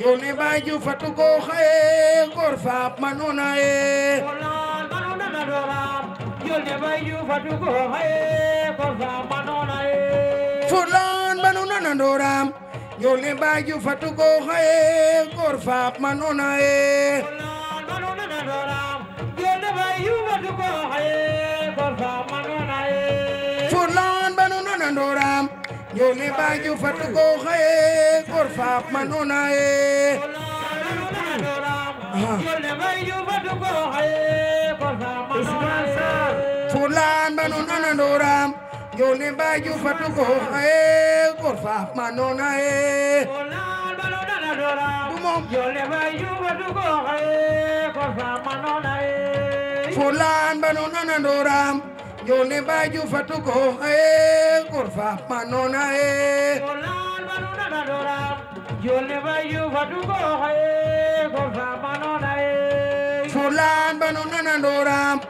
joni baju fatugo khaye gorfa manuna e kolal manuna nadora joni baju fatugo khaye gorfa manuna e fulan manuna nadora joni baju fatugo khaye gorfa manuna e kolal manuna nadora joni baju fatugo khaye gorfa manuna e fulan manuna nadora joni baju fatugo khaye और पाप मनोनाए फुलान बनो नोराम जोले बाजू फटु को है और पाप मनोनाए फुलान बनो नोराम जोले बाजू फटु को है और पाप मनोनाए jolne bayu fadugo haye ko famano nae fulan banu nanandoram um.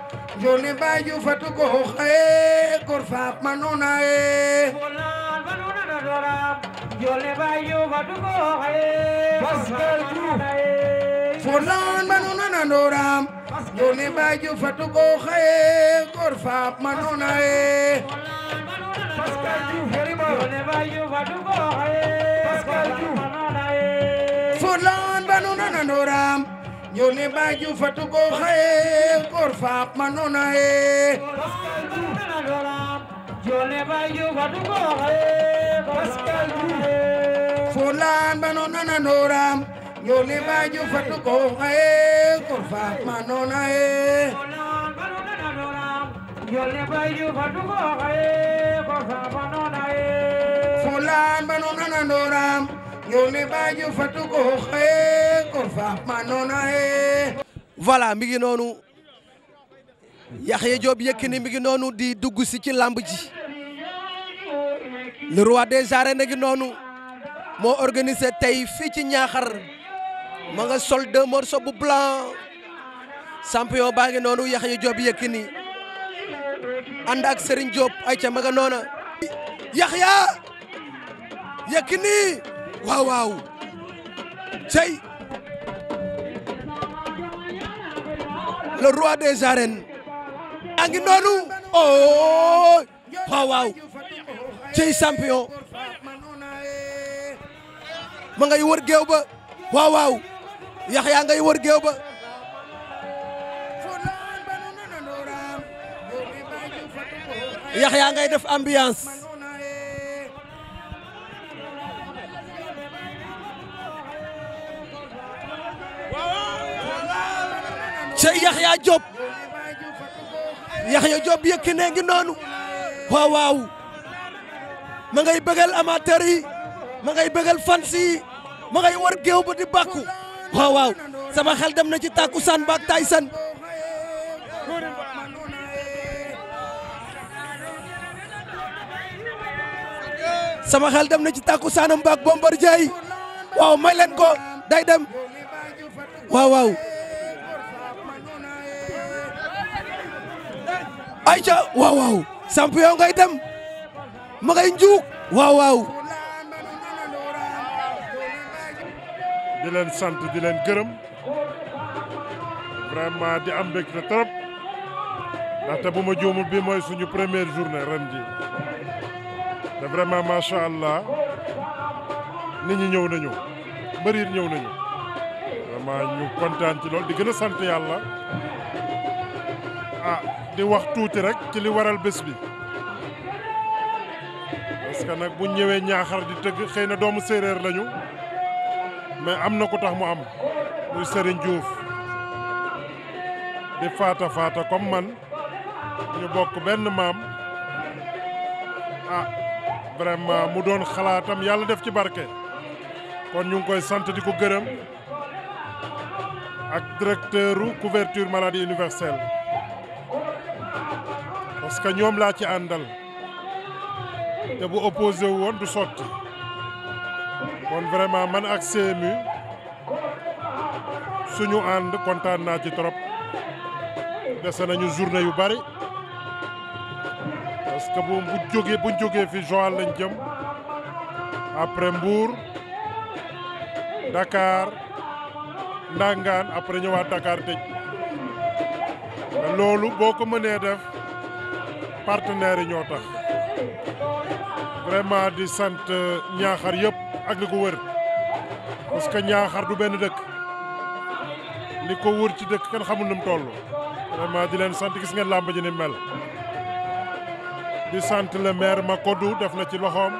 jolne bayu fadugo haye ko famano nae fulan banu nanandoram um. jolne bayu fadugo haye pascal group fulan banu nanandoram jolne bayu fadugo haye ko famano nae pascal group jolne bayu fadugo haye juli baju fatu ko hay kor faap manona e juli baju fatu ko hay pascal fulan manona nanoram juli baju fatu ko hay kor faap manona e juli baju fatu ko hay kor faap manona e fulan manona nanoram yole voilà mi ngi noonu Yaxya Joob Yékini mi ngi noonu di dugg si ci làmb ji le roi des arènes ngi noonu moo organisé tey fii ci Ñaaxar ma nga sol deux morceaux bu blanc champion baa ngi noonu Yaxya Joob Yékini ànd ak Serigne Diop ay ca ma nga noona Yaxya Yékini waaw waaw cey le roi des arènes a ngi noonu oh waaw cey champion ma ngay wër géew ba waaw waaw yax yaa ngay wër géew ba yax yaa ngay def ambiance Yaxya Diop Yaxya Diop Yékini ngi noonu waaw waaw ma ngay bëggal amateur yi ma ngay bëggal fans yi ma ngay war géew ba di bàkku waaw waaw sama xel dem na ci tàkkusaan ba ak Tyson sama xel dem na ci tàkkusaanam ba ak Bombardier waaw may leen day dem waaw waaw ayca waaw waaw champion ngay dem ma ngay njuug waaw di leen sant di leen gërëm vraiment di am mbégte trop ndaxte bu ma juumul bi mooy suñu première journée ren ji te vraiment macha allah nit ñi ñëw nañu mbëriit ñëw nañu vraiment ñu kontaan ci lool di gën a sant yàlla li wax tuuti rek ci li waral bés bi parce que nag bu ñëwee ñaaxar di tëgg xëy na doomu séeréer lañu mais am na ko tax mu am muy Serigne juuf di faata faata comme man ñu bokk benn maam ah vraiment mu doon xalaatam yàlla def ci barke kon ñu ngi koy sant di ko gërëm ak directeur couverture maladie universelle parce que ñoom laa ci àndal te bu opposé wu woon du sotti kon vraiment man ak CMU suñu ànd kontaan naa ci trop dese nañu journée yu bari parce que bu bu jógee buñ fi Joal lañ jëm après mbuur Dakar Ndangaan après ñëwaat Dakar tëj loolu boo ko mënee def. partenaires yi ñoo tax vraiment di sant ñaaxar yëpp ak li ko wër parce que ñaaxar du benn dëkk li ko wër ci dëkk kenn xamul nu mu toll. di leen sant gis ngeen làmb ji ni mel di sant le maire Makodou def na ci loxoom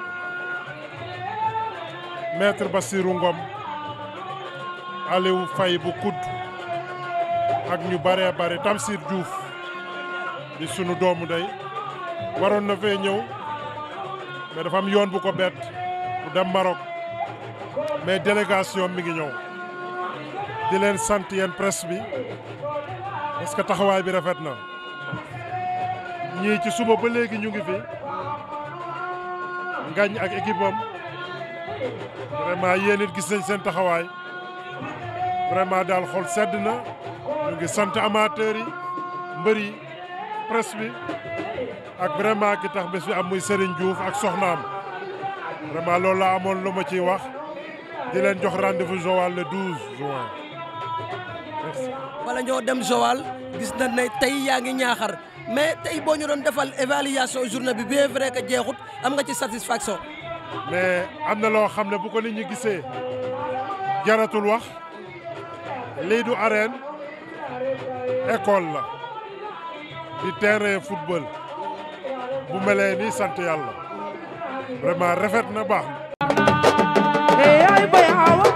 maître Bassirou Ngom Aliou Faye bu kudd ak ñu baree bare Tamsir di sunu doomu day waroon na fee ñëw mais dafa am yoon bu ko bett bu dem Maroc mais délégation mi ngi ñëw di leen sant yenn press bi parce que taxawaay bi rafet na ñii ci suba ba léegi ñu ngi fi ngañ ak équipe am vraiment yéen it gis nañ seen taxawaay vraiment daal xol sedd na ñu ngi sant amateurs yi mbër presse bi ak vraiment ki tax bés bi am muy Serigne Diouf ak soxnaam vraiment loolu laa amoon lu ma ciy wax di leen jox rendez-vous Joal le 12 juin. merci. ñoo dem Joal gis na ne tey yaa ngi ñaaxar mais tey boo ñu doon defal évaluation journée bi bien vrai que jeexut am nga ci satisfaction. mais am na loo xam ne bu ko nit ñi gisee jaratul wax lii du arène école la. di terrain football bu melee nii sant yàlla vraiment rafet na baax na